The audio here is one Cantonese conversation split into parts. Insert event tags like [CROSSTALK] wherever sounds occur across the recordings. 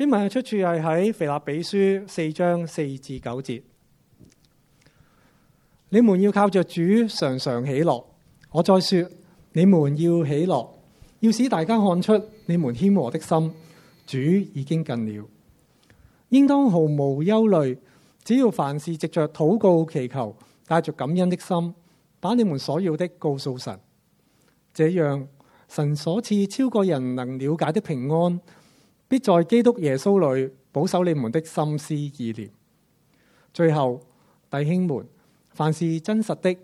經文嘅出處係喺《腓立比書》四章四至九節。你們要靠着主常常喜樂。我再說，你們要喜樂，要使大家看出你們謙和的心。主已經近了，應當毫無憂慮。只要凡事藉着禱告、祈求，帶着感恩的心，把你們所要的告訴神。這樣，神所賜超過人能了解的平安。必在基督耶穌裏保守你們的心思意念。最後，弟兄們，凡是真實的、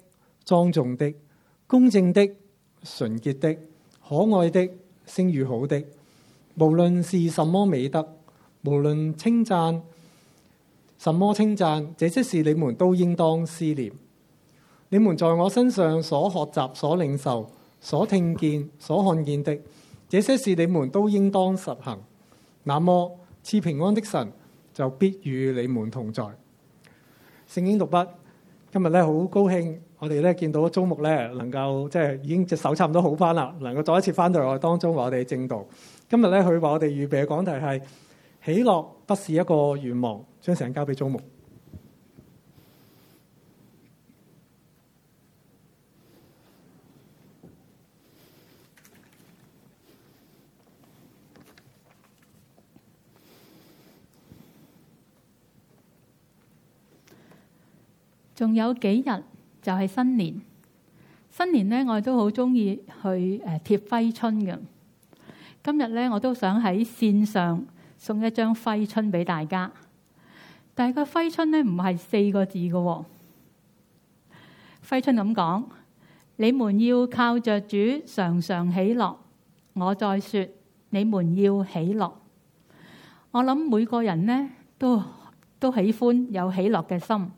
莊重的、公正的、純潔的、可愛的、聲譽好的，無論是什麼美德，無論稱讚，什麼稱讚，這些事你們都應當思念。你們在我身上所學習、所領受、所聽見、所看見的，這些事你們都應當實行。那麼，賜平安的神就必與你們同在。聖經讀畢，今日咧好高興，我哋咧見到鍾牧咧能夠即係已經隻手差唔多好翻啦，能夠再一次翻到來我哋當中話我哋正道。今日咧佢話我哋預備嘅講題係喜樂不是一個願望，將成交俾鍾牧。仲有幾日就係新年，新年呢，我都好中意去誒貼揮春嘅。今日呢，我都想喺線上送一張揮春俾大家，但係個揮春呢，唔係四個字嘅。揮春咁講：你們要靠着主，常常喜樂。我再說，你們要喜樂。我諗每個人呢，都都喜歡有喜樂嘅心。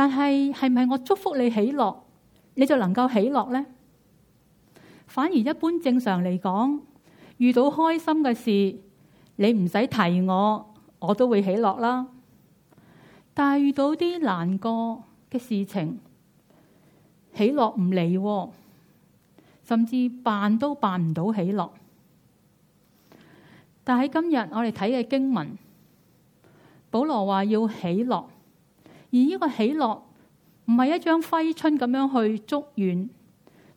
但係係咪我祝福你喜樂，你就能夠喜樂呢？反而一般正常嚟講，遇到開心嘅事，你唔使提我，我都會喜樂啦。但係遇到啲難過嘅事情，喜樂唔嚟，啊，甚至扮都扮唔到喜樂。但喺今日我哋睇嘅經文，保羅話要喜樂。而呢個喜樂唔係一張揮春咁樣去祝願，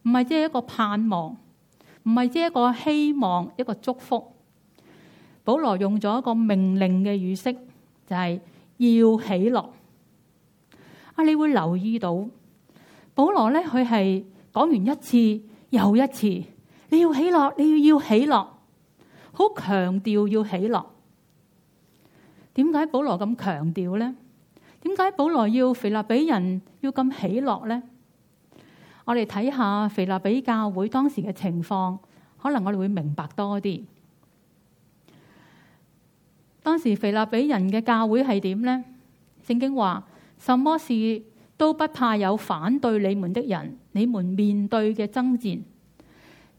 唔係即係一個盼望，唔係即係一個希望，一個祝福。保羅用咗一個命令嘅語式，就係要喜樂。啊，你會留意到保羅咧，佢係講完一次又一次，你要喜樂，你要要喜樂，好強調要喜樂。點解保羅咁強調咧？點解保羅要腓立比人要咁喜樂呢？我哋睇下腓立比教會當時嘅情況，可能我哋會明白多啲。當時腓立比人嘅教會係點呢？聖經話什麼事都不怕，有反對你們的人，你們面對嘅爭戰，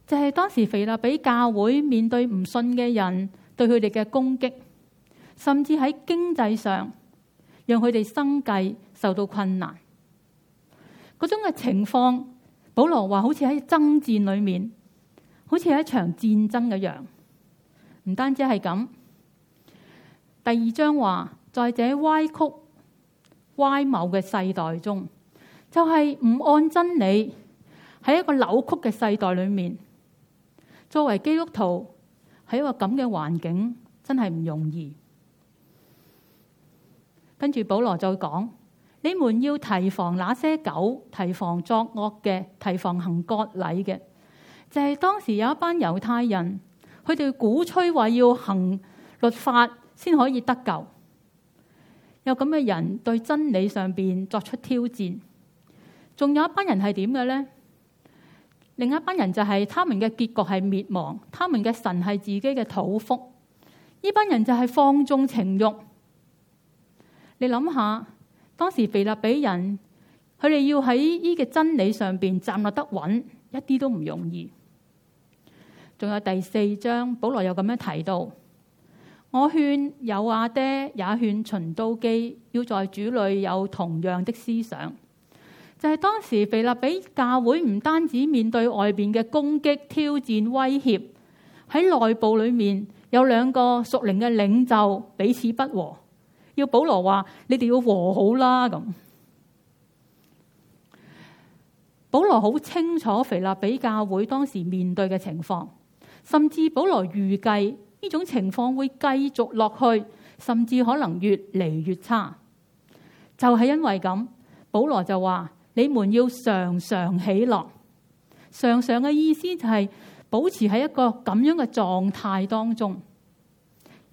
就係當時腓立比教會面對唔信嘅人對佢哋嘅攻擊，甚至喺經濟上。讓佢哋生計受到困難，嗰種嘅情況，保羅話好似喺爭戰裏面，好似係一場戰爭一樣。唔單止係咁，第二章話，在這歪曲、歪謀嘅世代中，就係、是、唔按真理喺一個扭曲嘅世代裏面。作為基督徒喺一個咁嘅環境，真係唔容易。跟住保羅就講，你們要提防那些狗，提防作惡嘅，提防行割禮嘅。就係、是、當時有一班猶太人，佢哋鼓吹話要行律法先可以得救。有咁嘅人對真理上邊作出挑戰，仲有一班人係點嘅呢？另一班人就係他們嘅結局係滅亡，他們嘅神係自己嘅肚腹。呢班人就係放縱情慾。你諗下，當時腓立比人，佢哋要喺呢個真理上邊站立得穩，一啲都唔容易。仲有第四章，保羅又咁樣提到：我勸有阿爹，也勸秦都基，要在主裏有同樣的思想。就係、是、當時腓立比教會唔單止面對外邊嘅攻擊、挑戰、威脅，喺內部裏面有兩個屬靈嘅領袖彼此不和。要保羅話你哋要和好啦。咁，保羅好清楚腓立比教會當時面對嘅情況，甚至保羅預計呢種情況會繼續落去，甚至可能越嚟越差。就係因為咁，保羅就話你們要常常喜樂，常常嘅意思就係保持喺一個咁樣嘅狀態當中。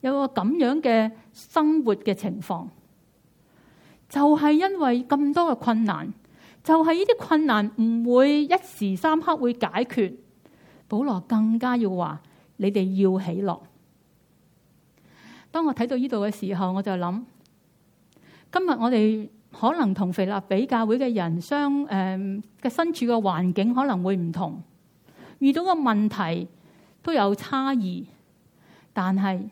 有個咁樣嘅生活嘅情況，就係因為咁多嘅困難，就係呢啲困難唔會一時三刻會解決。保羅更加要話你哋要喜樂。當我睇到呢度嘅時候，我就諗今日我哋可能同肥立比教會嘅人相誒嘅身處嘅環境可能會唔同，遇到嘅問題都有差異，但係，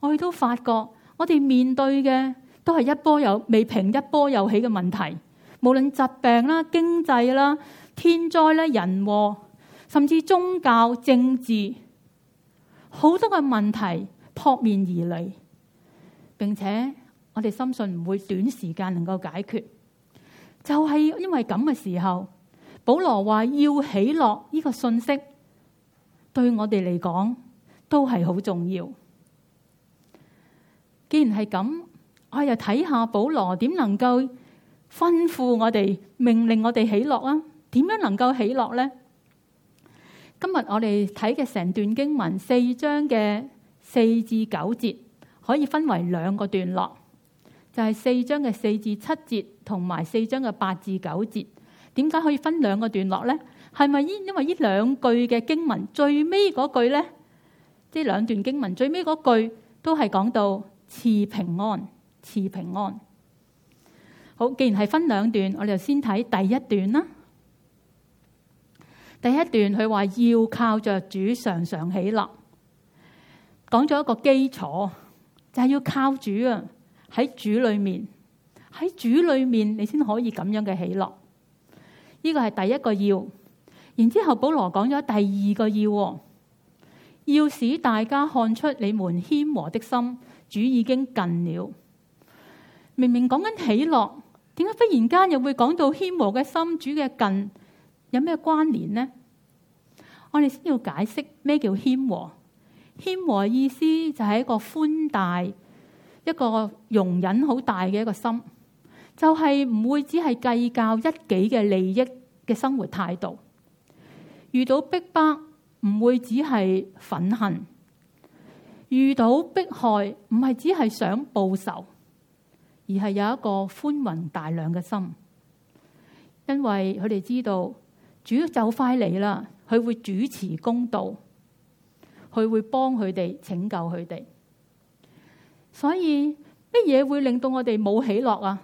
我哋都發覺，我哋面對嘅都係一波又未平，一波又起嘅問題。無論疾病啦、經濟啦、天災啦、人禍，甚至宗教、政治，好多嘅問題撲面而嚟，並且我哋深信唔會短時間能夠解決。就係因為咁嘅時候，保羅話要起落呢個信息，對我哋嚟講都係好重要。既然係咁，我又睇下保羅點能夠吩咐我哋、命令我哋喜樂啊？點樣能夠喜樂呢？今日我哋睇嘅成段經文四章嘅四至九節可以分為兩個段落，就係四章嘅四至七節同埋四章嘅八至九節。點解可以分兩個段落呢？係咪因因為呢兩句嘅經文最尾嗰句呢？即係兩段經文最尾嗰句都係講到，賜平安，賜平安。好，既然係分兩段，我哋就先睇第一段啦。第一段佢話要靠着主，常常喜樂。講咗一個基礎，就係要靠主啊。喺主裏面，喺主裏面，你先可以咁樣嘅喜樂。呢個係第一個要，然之後保羅講咗第二個要，要使大家看出你們謙和的心。主已經近了，明明講緊喜樂，點解忽然間又會講到謙和嘅心？主嘅近有咩關聯呢？我哋先要解釋咩叫謙和？謙和意思就係一個寬大、一個容忍好大嘅一個心，就係、是、唔會只係計較一己嘅利益嘅生活態度，遇到逼迫唔會只係憤恨。遇到迫害，唔係只係想報仇，而係有一個寬宏大量嘅心，因為佢哋知道主就快嚟啦，佢會主持公道，佢會幫佢哋拯救佢哋。所以咩嘢會令到我哋冇喜樂啊？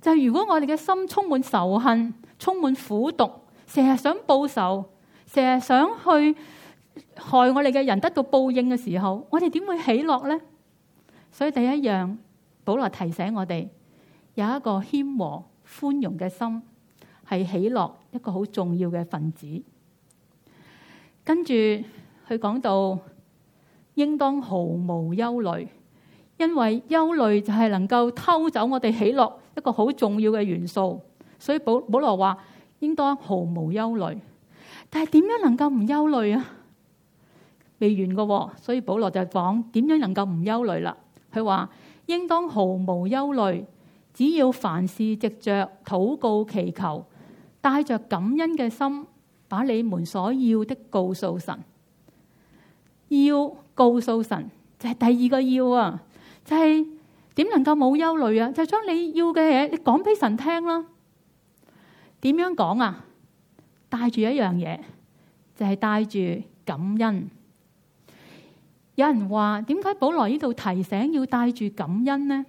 就係如果我哋嘅心充滿仇恨、充滿苦毒，成日想報仇，成日想去害我哋嘅人得到報應嘅時候，我哋點會喜樂呢？所以第一樣，保羅提醒我哋有一個謙和寬容嘅心，係喜樂一個好重要嘅分子。跟住佢講到，應當毫無憂慮，因為憂慮就係能夠偷走我哋喜樂一個好重要嘅元素。所以保保羅話，應當毫無憂慮，但係點樣能夠唔憂慮啊？未完㗎，所以保羅就講點樣能夠唔憂慮啦。佢話應當毫無憂慮，只要凡事藉着禱告祈求，帶着感恩嘅心，把你們所要的告訴神。要告訴神就係、是、第二個要啊，就係、是、點能夠冇憂慮啊？就將、是、你要嘅嘢你講俾神聽啦。點樣講啊？帶住一樣嘢就係、是、帶住感恩。有人話：點解保羅呢度提醒要帶住感恩呢？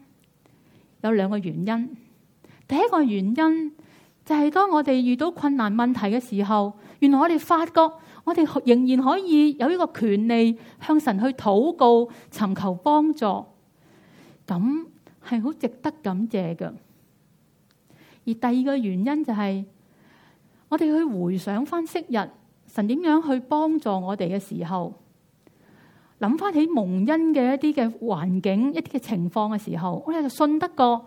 有兩個原因。第一個原因就係當我哋遇到困難問題嘅時候，原來我哋發覺我哋仍然可以有呢個權利向神去禱告、尋求幫助，咁係好值得感謝嘅。而第二個原因就係我哋去回想翻，昔日神點樣去幫助我哋嘅時候。諗翻起蒙恩嘅一啲嘅環境，一啲嘅情況嘅時候，我哋就信得過。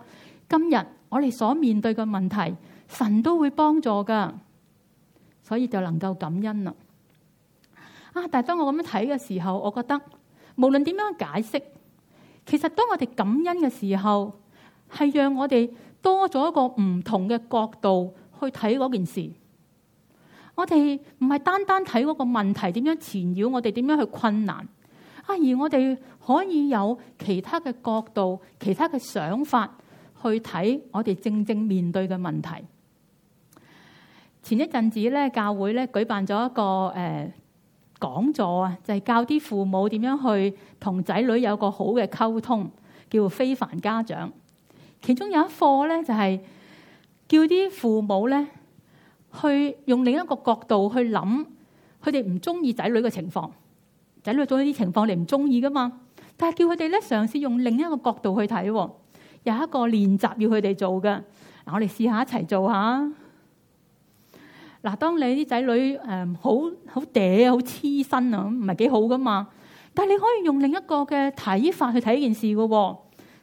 今日我哋所面對嘅問題，神都會幫助噶，所以就能夠感恩啦。啊！但係當我咁樣睇嘅時候，我覺得無論點樣解釋，其實當我哋感恩嘅時候，係讓我哋多咗一個唔同嘅角度去睇嗰件事。我哋唔係單單睇嗰個問題點樣纏繞，我哋點樣去困難。啊！而我哋可以有其他嘅角度、其他嘅想法去睇我哋正正面對嘅問題。前一陣子咧，教會咧舉辦咗一個呃講座啊，就係教啲父母點樣去同仔女有個好嘅溝通，叫非凡家長。其中有一課咧，就係叫啲父母咧去用另一個角度去諗，佢哋唔中意仔女嘅情況。仔女做呢啲情況，你唔中意噶嘛？但係叫佢哋咧，嘗試用另一個角度去睇，有一個練習要佢哋做㗎嗱。我哋試下一齊做下。嗱。當你啲仔女誒、嗯、好好嗲好黐身啊，唔係幾好噶嘛？但係你可以用另一個嘅睇法去睇呢件事嘅，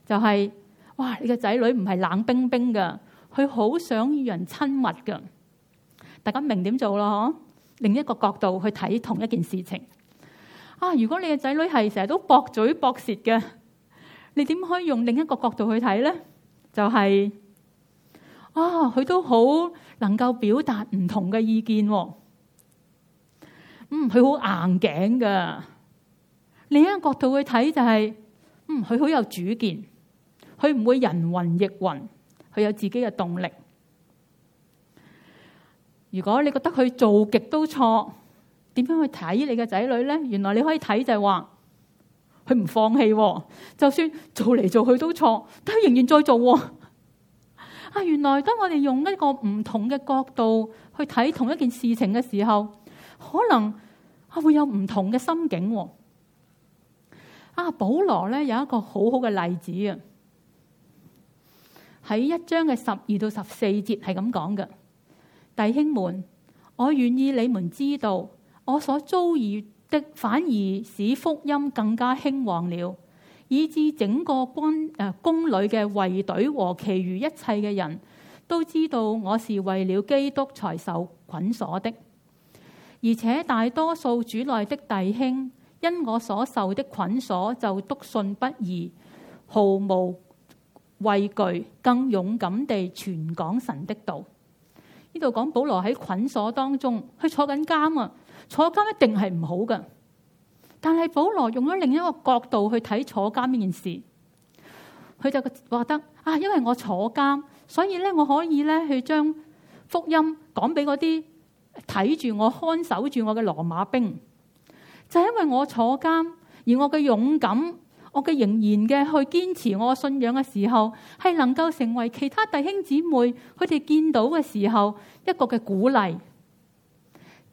就係、是、哇，你個仔女唔係冷冰冰嘅，佢好想與人親密嘅。大家明點做咯？另一個角度去睇同一件事情。啊！如果你嘅仔女係成日都駁嘴駁舌嘅，你點可以用另一個角度去睇咧？就係啊，佢都好能夠表達唔同嘅意見。嗯，佢好硬頸嘅。另一個角度去睇就係，嗯，佢好有主見，佢唔會人云亦云，佢有自己嘅動力。如果你覺得佢做極都錯。點樣去睇你嘅仔女咧？原來你可以睇就係話佢唔放棄，哦，就算做嚟做去都錯，但係佢仍然再做啊，哦。原來當我哋用一個唔同嘅角度去睇同一件事情嘅時候，可能啊會有唔同嘅心境，哦，啊。保羅咧有一個很好好嘅例子啊，喺一章嘅十二到十四節係咁講嘅：弟兄們，我願意你們知道。我所遭遇的反而使福音更加興旺了，以致整個宮誒宮裏嘅衛隊和其餘一切嘅人都知道我是為了基督才受捆鎖的。而且大多數主內的弟兄因我所受的捆鎖就篤信不疑，毫無畏懼，更勇敢地傳講神的道。呢度講保羅喺捆鎖當中，佢坐緊監啊。坐監一定係唔好噶但係保羅用咗另一個角度去睇坐監呢件事，佢就覺得啊，因為我坐監，所以咧我可以咧去將福音講俾嗰啲睇住我看守住我嘅羅馬兵，就係因為我坐監，而我嘅勇敢，我嘅仍然嘅去堅持我嘅信仰嘅時候，係能夠成為其他弟兄姊妹佢哋見到嘅時候一個嘅鼓勵。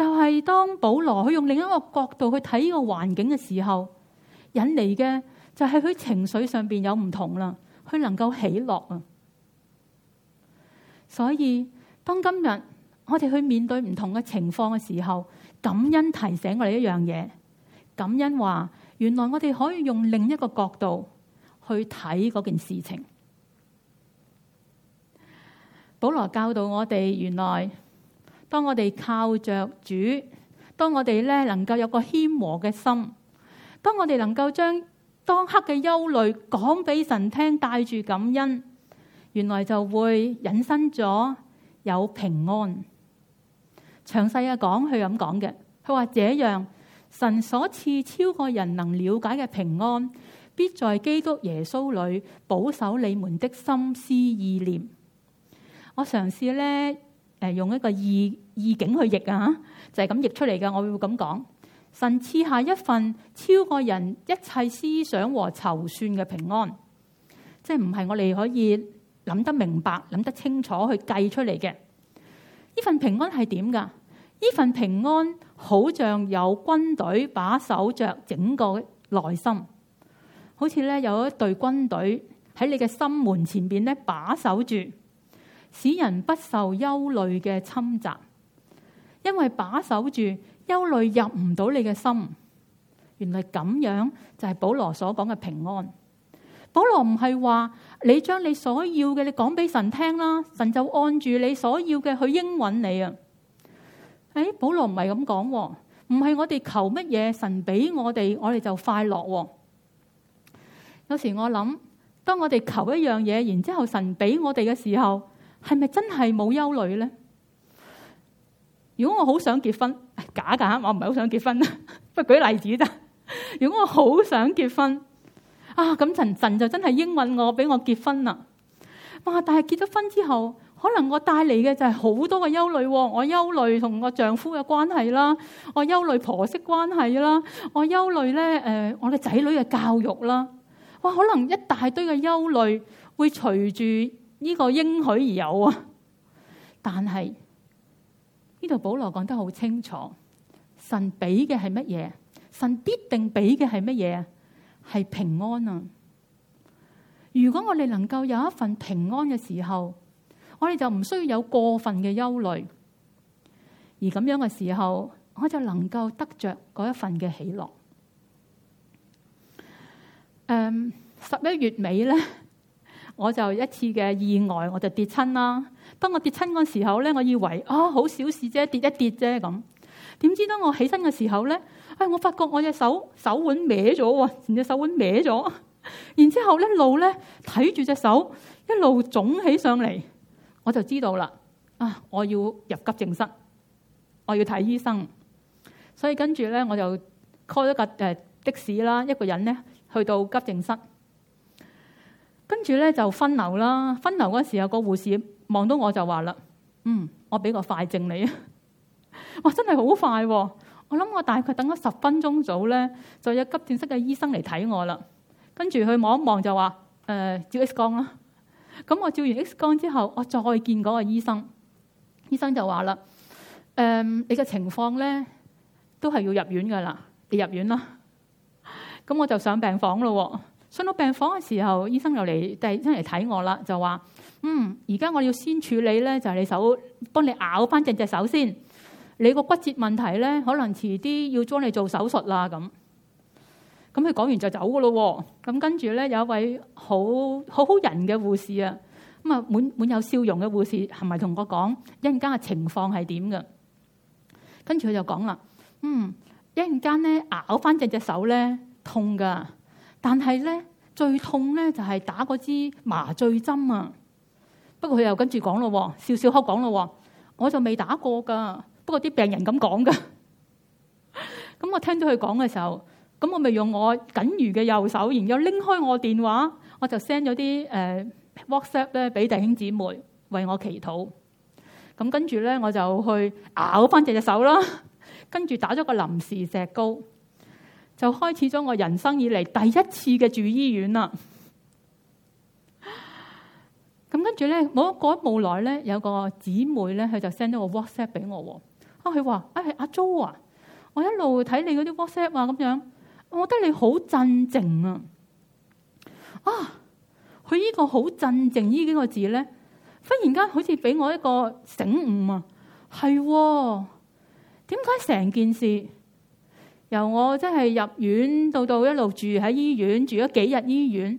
就係當保羅去用另一個角度去睇呢個環境嘅時候，引嚟嘅就係佢情緒上邊有唔同啦，佢能夠喜樂啊。所以當今日我哋去面對唔同嘅情況嘅時候，感恩提醒我哋一樣嘢，感恩話原來我哋可以用另一個角度去睇嗰件事情。保羅教導我哋，原來。當我哋靠着主，當我哋咧能夠有個謙和嘅心，當我哋能夠將當刻嘅憂慮講俾神聽，帶住感恩，原來就會引申咗有平安。詳細嘅講，佢咁講嘅，佢話這樣神所賜超過人能了解嘅平安，必在基督耶穌裏保守你們的心思意念。我嘗試咧。誒用一個意意境去譯啊，就係咁譯出嚟嘅。我會咁講，神賜下一份超過人一切思想和籌算嘅平安，即係唔係我哋可以諗得明白、諗得清楚去計出嚟嘅？呢份平安係點㗎？呢份平安好像有軍隊把守着整個內心，好似咧有一隊軍隊喺你嘅心門前邊咧把守住。使人不受憂慮嘅侵襲，因為把守住憂慮入唔到你嘅心。原來咁樣就係保羅所講嘅平安。保羅唔係話你將你所要嘅，你講俾神聽啦，神就按住你所要嘅去應允你啊。誒、哎，保羅唔係咁講，唔係我哋求乜嘢，神俾我哋，我哋就快樂。有時我諗，當我哋求一樣嘢，然之後神俾我哋嘅時候。係咪真係冇憂慮咧？如果我好想結婚，假噶，我唔係好想結婚，不舉例子啫。如果我好想結婚，啊咁，陣陣就真係應允我，俾我結婚啦。哇！但係結咗婚之後，可能我帶嚟嘅就係好多嘅憂慮。我憂慮同我丈夫嘅關係啦，我憂慮婆媳關係啦，我憂慮咧誒，我哋仔女嘅教育啦。哇！可能一大堆嘅憂慮會隨住。呢個應許而有啊，但係呢度保羅講得好清楚，神俾嘅係乜嘢？神必定俾嘅係乜嘢？係平安啊！如果我哋能夠有一份平安嘅時候，我哋就唔需要有過分嘅憂慮。而咁樣嘅時候，我就能夠得着嗰一份嘅喜樂。誒、嗯，十一月尾咧。我就一次嘅意外，我就跌親啦。當我跌親嗰時候咧，我以為啊，好小事啫，跌一跌啫咁。點知當我起身嘅時候咧，哎，我發覺我隻手手腕歪咗喎，隻手腕歪咗。然之後一路咧睇住隻手一路腫起上嚟，我就知道啦。啊，我要入急症室，我要睇醫生。所以跟住咧，我就 call 咗架誒的士啦，一個人咧去到急症室。跟住咧就分流啦，分流嗰時候有個護士望到我就話啦：，嗯，我俾個快症你啊！哇，真係好快，哦！我諗我大概等咗十分鐘左右，就有急症室嘅醫生嚟睇我啦。跟住佢望一望就話：，誒、呃，照 X 光啦。咁、嗯、我照完 X 光之後，我再見嗰個醫生，醫生就話啦：，誒、嗯，你嘅情況咧，都係要入院噶啦，你入院啦。咁、嗯、我就上病房咯、哦。上到病房嘅時候，醫生又嚟，第日嚟睇我啦，就話：嗯，而家我要先處理咧，就係你手，幫你咬翻隻隻手先。你個骨折問題咧，可能遲啲要將你做手術啦。咁，咁佢講完就走噶咯。咁跟住咧，有一位好好好人嘅護士啊，咁啊滿滿有笑容嘅護士，係咪同我講一陣間嘅情況係點噶？跟住佢就講啦：，嗯，一陣間咧咬翻隻隻手咧痛噶。但係咧，最痛咧就係打嗰支麻醉針啊！不過佢又跟住講咯，笑笑口講咯，我就未打過噶。不過啲病人咁講噶，咁 [LAUGHS] 我聽到佢講嘅時候，咁我咪用我僅餘嘅右手，然後拎開我電話，我就 send 咗啲誒 WhatsApp 咧俾弟兄姊妹為我祈禱。咁跟住咧，我就去咬翻隻隻手咯，跟住打咗個臨時石膏。就開始咗我人生以嚟第一次嘅住醫院啦。咁跟住咧，我過冇耐咧，有個姊妹咧，佢就 send 咗個 WhatsApp 俾我。啊，佢話：啊、哎，阿 Jo 啊，我一路睇你嗰啲 WhatsApp 啊，咁樣，我覺得你好鎮靜啊。啊，佢呢個好鎮靜呢幾個字咧，忽然間好似俾我一個醒悟啊。係、啊，點解成件事，由我真係入院到到一路住喺醫院，住咗幾日醫院，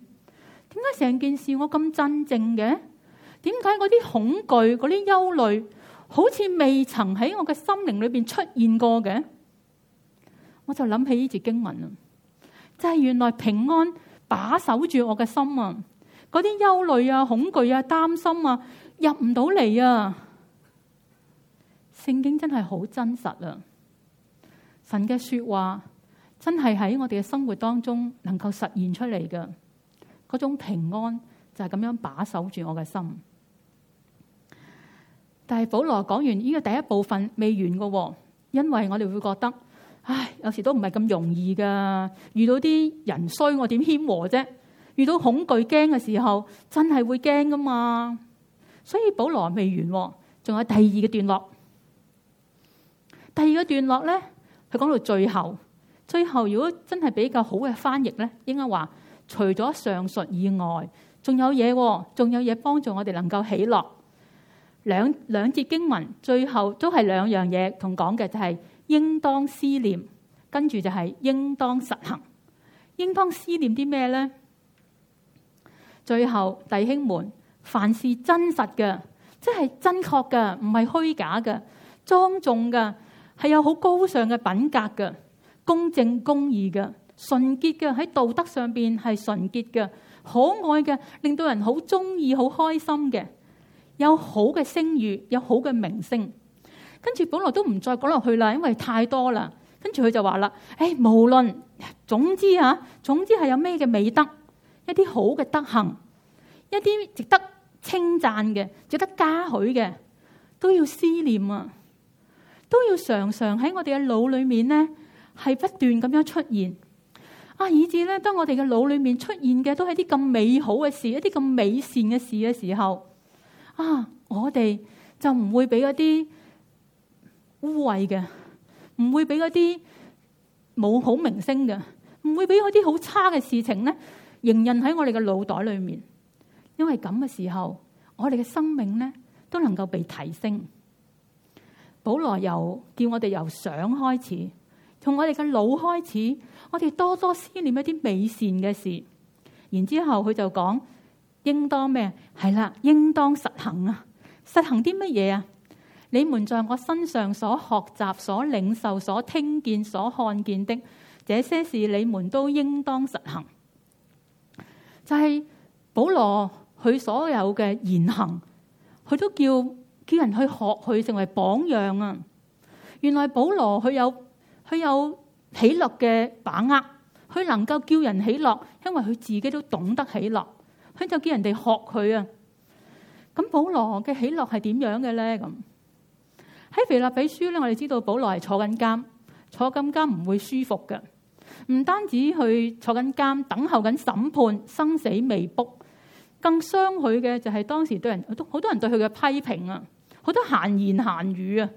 點解成件事我咁真正嘅？點解嗰啲恐懼、嗰啲憂慮，好似未曾喺我嘅心靈裏邊出現過嘅？我就諗起呢節經文啊，就係原來平安把守住我嘅心啊，嗰啲憂慮啊、恐懼啊、擔心啊，入唔到嚟啊！聖經真係好真實啊！神嘅說話真係喺我哋嘅生活當中能夠實現出嚟嘅，嗰種平安就係咁樣把守住我嘅心。但係保羅講完呢個第一部分未完嘅，因為我哋會覺得唉，有時都唔係咁容易噶，遇到啲人衰我點謙和啫？遇到恐懼驚嘅時候，真係會驚噶嘛？所以保羅未完，仲有第二個段落。第二個段落咧。佢講到最後，最後如果真係比較好嘅翻譯呢，應該話除咗上述以外，仲有嘢，仲有嘢幫助我哋能夠喜樂。兩兩節經文最後都係兩樣嘢同講嘅，就係應當思念，跟住就係應當實行。應當思念啲咩呢？最後弟兄們，凡是真實嘅，即係真確嘅，唔係虛假嘅，莊重嘅。係有好高尚嘅品格嘅，公正公義嘅，純潔嘅，喺道德上邊係純潔嘅，可愛嘅，令到人好中意、好開心嘅，有好嘅聲譽，有好嘅名聲。跟住本來都唔再講落去啦，因為太多啦。跟住佢就話啦，誒、哎，無論總之啊，總之係有咩嘅美德，一啲好嘅德行，一啲值得稱讚嘅、值得嘉許嘅，都要思念啊！都要常常喺我哋嘅腦裏面咧，係不斷咁樣出現啊！以至咧，當我哋嘅腦裏面出現嘅都係啲咁美好嘅事，一啲咁美善嘅事嘅時候，啊！我哋就唔會俾一啲污穢嘅，唔會俾嗰啲冇好名聲嘅，唔會俾嗰啲好差嘅事情咧，縈韌喺我哋嘅腦袋裏面。因為咁嘅時候，我哋嘅生命咧都能夠被提升。保羅由叫我哋由想開始，從我哋嘅腦開始，我哋多多思念一啲美善嘅事。然之後佢就講，應當咩？係啦，應當實行啊！實行啲乜嘢啊？你們在我身上所學習、所領受、所聽見、所看見的，這些事你們都應當實行。就係、是、保羅佢所有嘅言行，佢都叫。叫人去學佢成為榜樣啊！原來保羅佢有佢有喜樂嘅把握，佢能夠叫人喜樂，因為佢自己都懂得喜樂。佢就叫人哋學佢啊羅！咁保羅嘅喜樂係點樣嘅咧？咁喺腓立比書咧，我哋知道保羅係坐緊監，坐緊監唔會舒服嘅，唔單止去坐緊監，等候緊審判，生死未卜，更傷佢嘅就係當時對人都好多人對佢嘅批評啊！好多閒言閒語啊！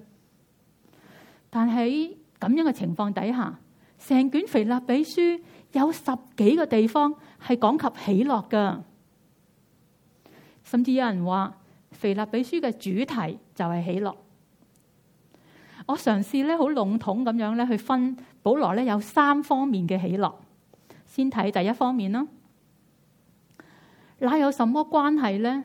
但喺咁樣嘅情況底下，成卷腓立比書有十幾個地方係講及喜樂嘅，甚至有人話腓立比書嘅主題就係喜樂。我嘗試咧好籠統咁樣咧去分，保羅咧有三方面嘅喜樂，先睇第一方面啦。那有什麼關係咧？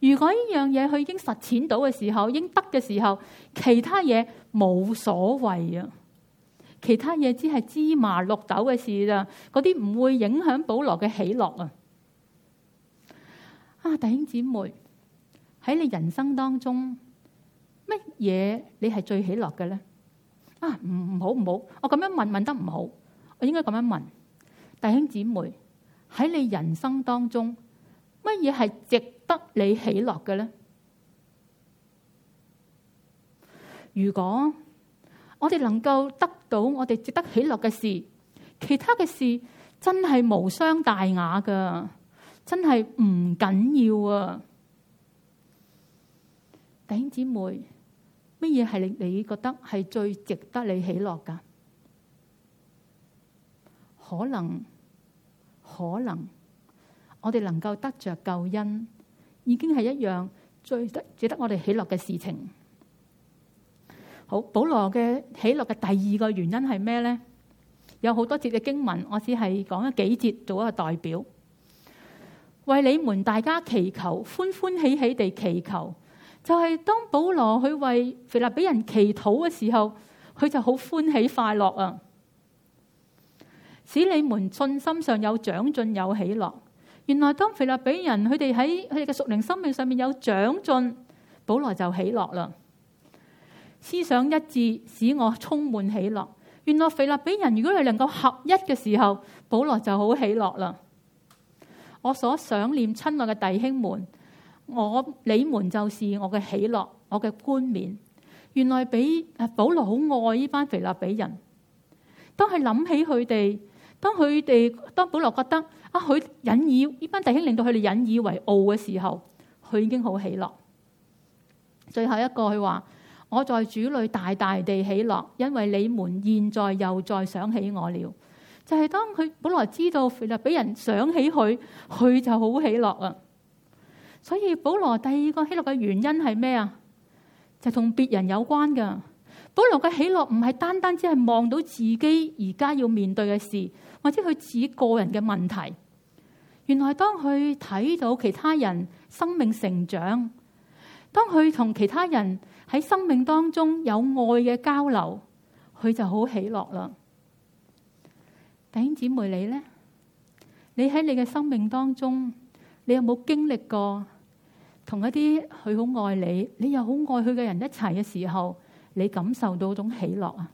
如果呢樣嘢佢已經實踐到嘅時候，應得嘅時候，其他嘢冇所謂啊。其他嘢只係芝麻綠豆嘅事咋，嗰啲唔會影響保羅嘅喜樂啊。啊，弟兄姊妹，喺你人生當中乜嘢你係最喜樂嘅咧？啊，唔，唔好唔好，我咁樣問問得唔好，我應該咁樣問，弟兄姊妹，喺你人生當中乜嘢係值？得你喜樂嘅呢？如果我哋能夠得到我哋值得喜樂嘅事，其他嘅事真係無傷大雅㗎，真係唔緊要啊！弟兄姊妹，乜嘢係令你覺得係最值得你喜樂㗎？可能，可能我哋能夠得着救恩。已經係一樣最得值得我哋喜樂嘅事情。好，保羅嘅喜樂嘅第二個原因係咩呢？有好多節嘅經文，我只係講咗幾節做一個代表。為你們大家祈求，歡歡喜喜地祈求，就係、是、當保羅去為腓立比人祈禱嘅時候，佢就好歡喜快樂啊！使你們信心上有長進，有喜樂。原來當腓立比人佢哋喺佢哋嘅屬靈生命上面有長進，保羅就喜樂啦。思想一致，使我充滿喜樂。原來腓立比人如果係能夠合一嘅時候，保羅就好喜樂啦。我所想念親愛嘅弟兄們，我你們就是我嘅喜樂，我嘅冠冕。原來俾保羅好愛呢班腓立比人。當佢諗起佢哋，當佢哋，當保羅覺得。佢引以呢班弟兄令到佢哋引以為傲嘅時候，佢已經好喜樂。最後一個佢話：我在主裏大大地喜樂，因為你們現在又再想起我了。就係、是、當佢本來知道，俾人想起佢，佢就好喜樂啊。所以保羅第二個喜樂嘅原因係咩啊？就同、是、別人有關噶。保羅嘅喜樂唔係單單只係望到自己而家要面對嘅事，或者佢自己個人嘅問題。原來當佢睇到其他人生命成長，當佢同其他人喺生命當中有愛嘅交流，佢就好喜樂啦。弟兄姊妹，你呢，你喺你嘅生命當中，你有冇經歷過同一啲佢好愛你，你又好愛佢嘅人一齊嘅時候，你感受到種喜樂啊？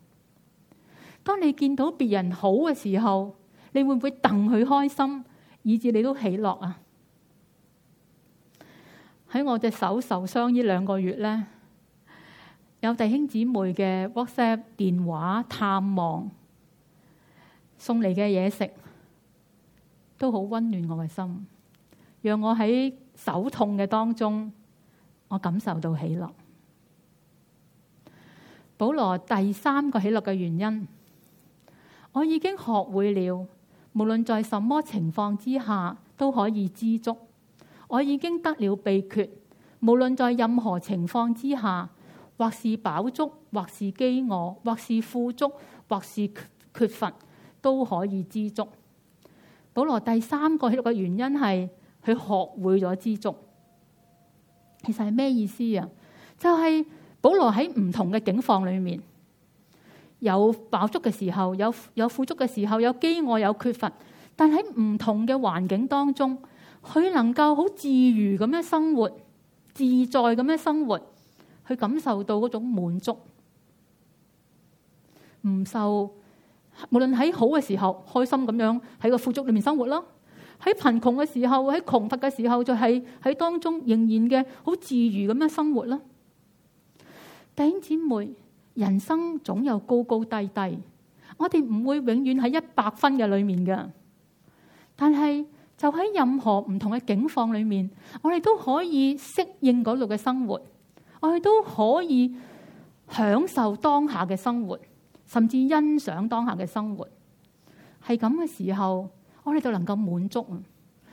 當你見到別人好嘅時候，你會唔會戥佢開心？以致你都喜樂啊！喺我隻手受傷呢兩個月呢，有弟兄姊妹嘅 WhatsApp 電話探望，送嚟嘅嘢食，都好溫暖我嘅心，讓我喺手痛嘅當中，我感受到喜樂。保羅第三個喜樂嘅原因，我已經學會了。無論在什麼情況之下都可以知足，我已經得了秘訣。無論在任何情況之下，或是飽足，或是飢餓，或是富足，或是缺乏，都可以知足。保羅第三個喜樂嘅原因係佢學會咗知足。其實係咩意思啊？就係、是、保羅喺唔同嘅境況裏面。有飽足嘅時候，有有富足嘅時候，有飢餓有缺乏，但喺唔同嘅環境當中，佢能夠好自如咁樣生活，自在咁樣生活，去感受到嗰種滿足，唔受，無論喺好嘅時候開心咁樣喺個富足裏面生活囉，喺貧窮嘅時候喺窮乏嘅時候就係、是、喺當中仍然嘅好自如咁樣生活囉，弟兄姊妹。人生總有高高低低，我哋唔會永遠喺一百分嘅裏面嘅。但係就喺任何唔同嘅境況裏面，我哋都可以適應嗰度嘅生活，我哋都可以享受當下嘅生活，甚至欣賞當下嘅生活。係咁嘅時候，我哋就能夠滿足，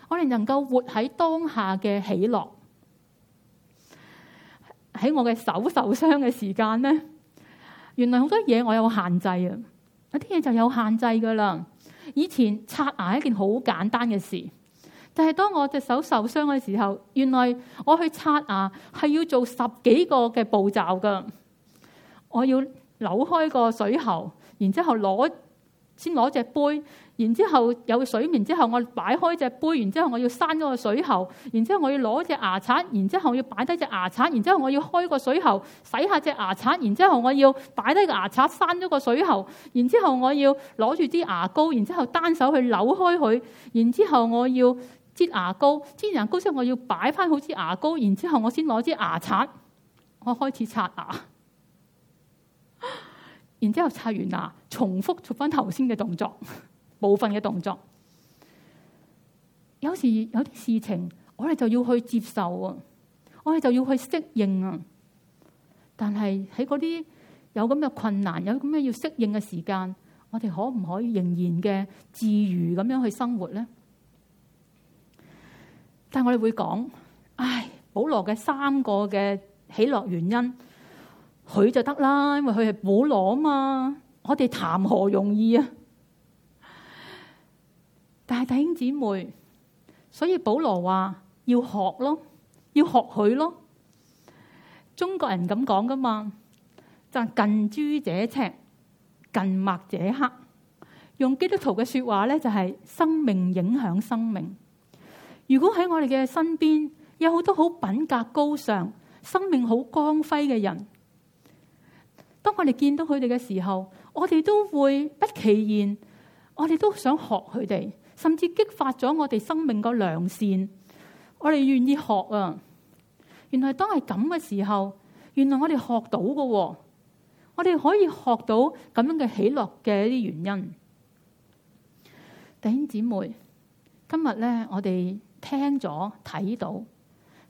我哋能夠活喺當下嘅喜樂。喺我嘅手受傷嘅時間呢。原來好多嘢我有限制啊！有啲嘢就有限制噶啦。以前刷牙係一件好簡單嘅事，就係當我隻手受傷嘅時候，原來我去刷牙係要做十幾個嘅步驟噶。我要扭開個水喉，然之後攞先攞隻杯。然之後有水面，然之後我擺開隻杯，然之後我要閂咗個水喉，然之後我要攞隻牙刷，然之後我要擺低隻牙刷，然之後我要開個水喉洗下隻牙刷，然之後我要擺低個牙刷，閂咗個水喉，然之後我要攞住支牙膏，然之後單手去扭開佢，然之後我要擠牙膏，擠牙膏之後我要擺翻好支牙膏，然之後我先攞支牙刷，我開始刷牙，然之後刷完牙，重複做翻頭先嘅動作。部分嘅動作，有時有啲事情，我哋就要去接受啊，我哋就要去適應啊。但係喺嗰啲有咁嘅困難，有咁樣要適應嘅時間，我哋可唔可以仍然嘅自如咁樣去生活咧？但係我哋會講，唉，保羅嘅三個嘅喜樂原因，佢就得啦，因為佢係保羅啊嘛，我哋談何容易啊！但係弟兄姊妹，所以保羅話要學咯，要學佢咯。中國人咁講噶嘛，就近朱者赤，近墨者黑。用基督徒嘅說話咧，就係生命影響生命。如果喺我哋嘅身邊有好多好品格高尚、生命好光輝嘅人，當我哋見到佢哋嘅時候，我哋都會不期然，我哋都想學佢哋。甚至激發咗我哋生命個良善，我哋願意學啊！原來當係咁嘅時候，原來我哋學到嘅，我哋可以學到咁樣嘅喜樂嘅一啲原因。弟兄姊妹，今日咧我哋聽咗睇到，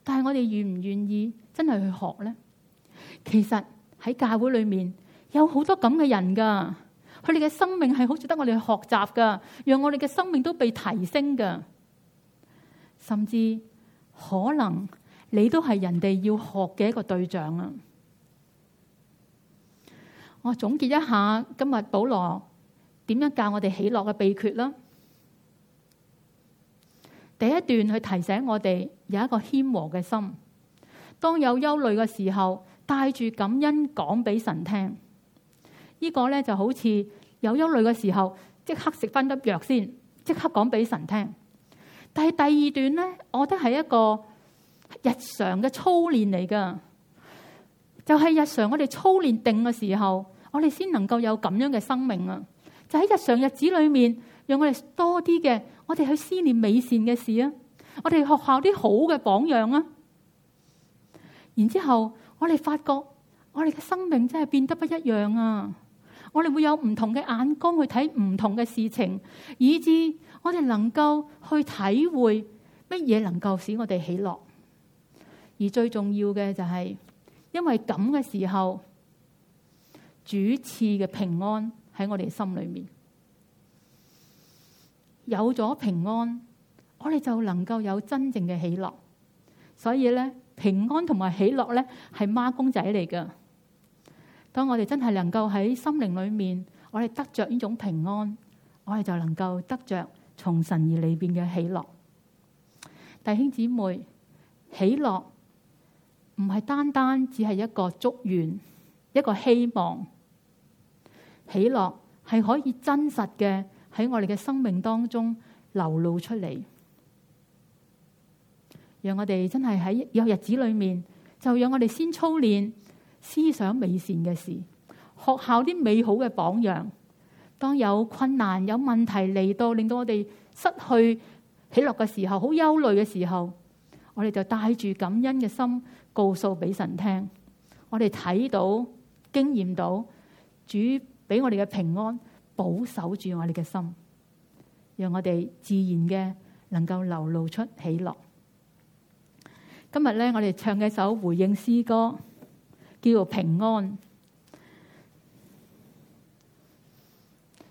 但係我哋願唔願意真係去學咧？其實喺教會裏面有好多咁嘅人噶。佢哋嘅生命係好值得我哋去學習噶讓我哋嘅生命都被提升噶，甚至可能你都係人哋要學嘅一個對象啊！我總結一下今日保羅點樣教我哋喜樂嘅秘訣啦。第一段佢提醒我哋有一個謙和嘅心，當有憂慮嘅時候，帶住感恩講俾神聽。這個呢個咧就好似有憂慮嘅時候，即刻食翻粒藥先，即刻講俾神聽。但係第二段咧，我覺得係一個日常嘅操練嚟噶，就係、是、日常我哋操練定嘅時候，我哋先能夠有咁樣嘅生命啊！就喺日常日子裏面，讓我哋多啲嘅，我哋去思念美善嘅事啊，我哋學校啲好嘅榜樣啊。然之後我哋發覺，我哋嘅生命真係變得不一樣啊！我哋會有唔同嘅眼光去睇唔同嘅事情，以致我哋能夠去體會乜嘢能夠使我哋喜樂。而最重要嘅就係，因為咁嘅時候，主賜嘅平安喺我哋心裏面，有咗平安，我哋就能夠有真正嘅喜樂。所以咧，平安同埋喜樂咧係孖公仔嚟嘅。當我哋真係能夠喺心靈裏面，我哋得着呢種平安，我哋就能夠得着從神而來的嘅喜樂。弟兄姊妹，喜樂唔係單單只係一個祝願，一個希望。喜樂係可以真實嘅喺我哋嘅生命當中流露出嚟。讓我哋真係喺有日子裏面，就讓我哋先操練。思想美善嘅事，學校啲美好嘅榜樣。當有困難、有問題嚟到，令到我哋失去喜樂嘅時候，好憂慮嘅時候，我哋就帶住感恩嘅心，告訴俾神聽。我哋睇到、經驗到主俾我哋嘅平安，保守住我哋嘅心，讓我哋自然嘅能夠流露出喜樂。今日咧，我哋唱嘅一首回應詩歌，叫做平安，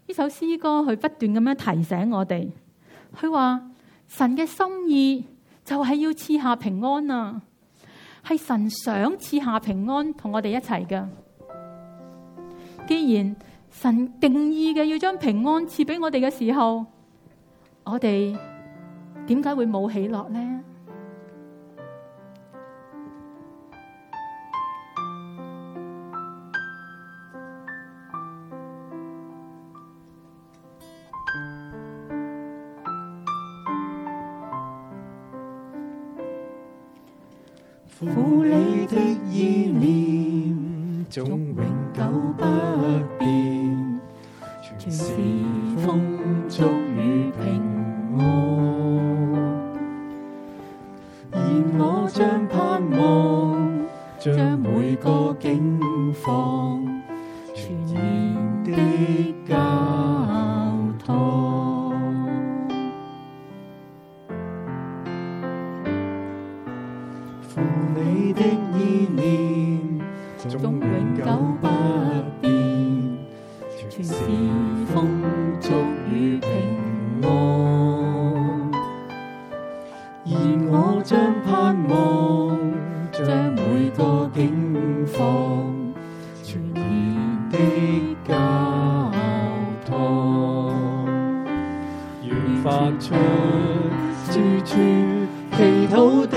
呢首詩歌佢不斷咁樣提醒我哋，佢話神嘅心意就係要賜下平安啊，係神想賜下平安同我哋一齊㗎。既然神定義嘅要將平安賜俾我哋嘅時候，我們為什麼，我哋點解會冇喜樂咧？父你的意念總永久不變，全是豐足與平安，而我將盼望將每個境況，全然的交託。久不變，全是風俗與平安。而我將盼望，將每個境況，全然的交託，願發出，處處祈禱。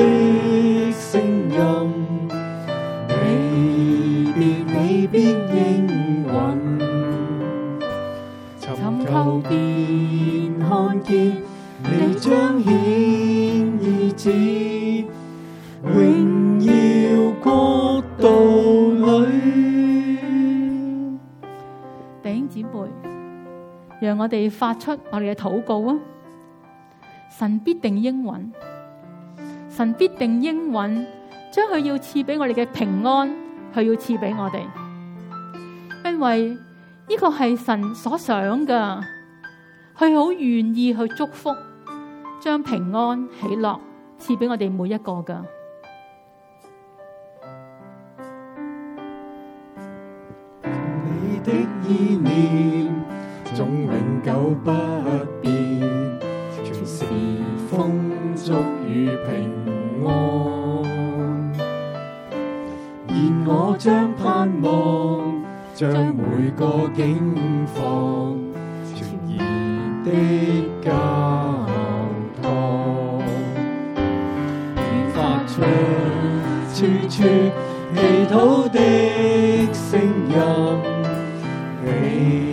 我哋發出我哋嘅禱告啊！神必定應允，神必定應允，將佢要賜俾我哋嘅平安，佢要賜俾我哋，因為呢個係神所想噶，佢好願意去祝福，將平安喜樂賜俾我哋每一個噶。你的意念。不變，全是風俗與平安。願我將盼望，將每個境況，全然的交託，願 [MUSIC] 發出處處祈禱的聲音。你。 [MUSIC]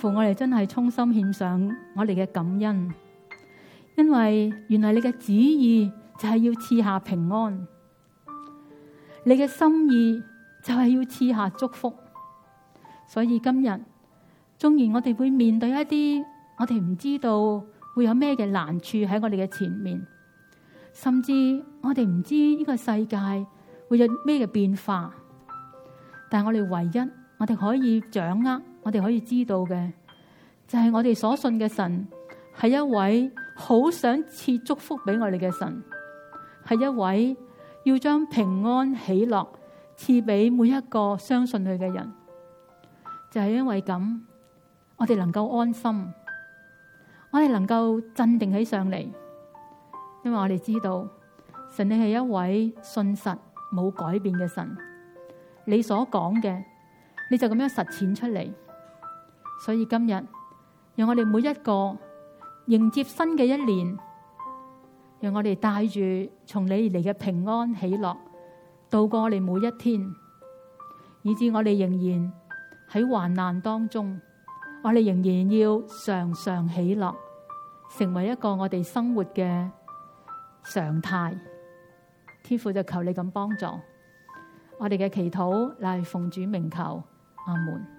乎我哋真係衷心獻上我哋嘅感恩，因為原來你嘅旨意就係要賜下平安，你嘅心意就係要賜下祝福。所以今日縱然我哋會面對一啲我哋唔知道會有咩嘅難處喺我哋嘅前面，甚至我哋唔知呢個世界會有咩嘅變化，但係我哋唯一我哋可以掌握。我哋可以知道嘅，就係我哋所信嘅神係一位好想賜祝福俾我哋嘅神，係一位要將平安喜樂賜俾每一個相信佢嘅人。就係因為咁，我哋能夠安心，我哋能夠鎮定起上嚟，因為我哋知道神你係一位信實冇改變嘅神，你所講嘅，你就咁樣實踐出嚟。所以今日，讓我哋每一個迎接新嘅一年，讓我哋帶住從你而嚟嘅平安喜樂，度過我哋每一天，以至我哋仍然喺患難當中，我哋仍然要常常喜樂，成為一個我哋生活嘅常態。天父就求你咁幫助我哋嘅祈禱，乃係奉主名求，阿門。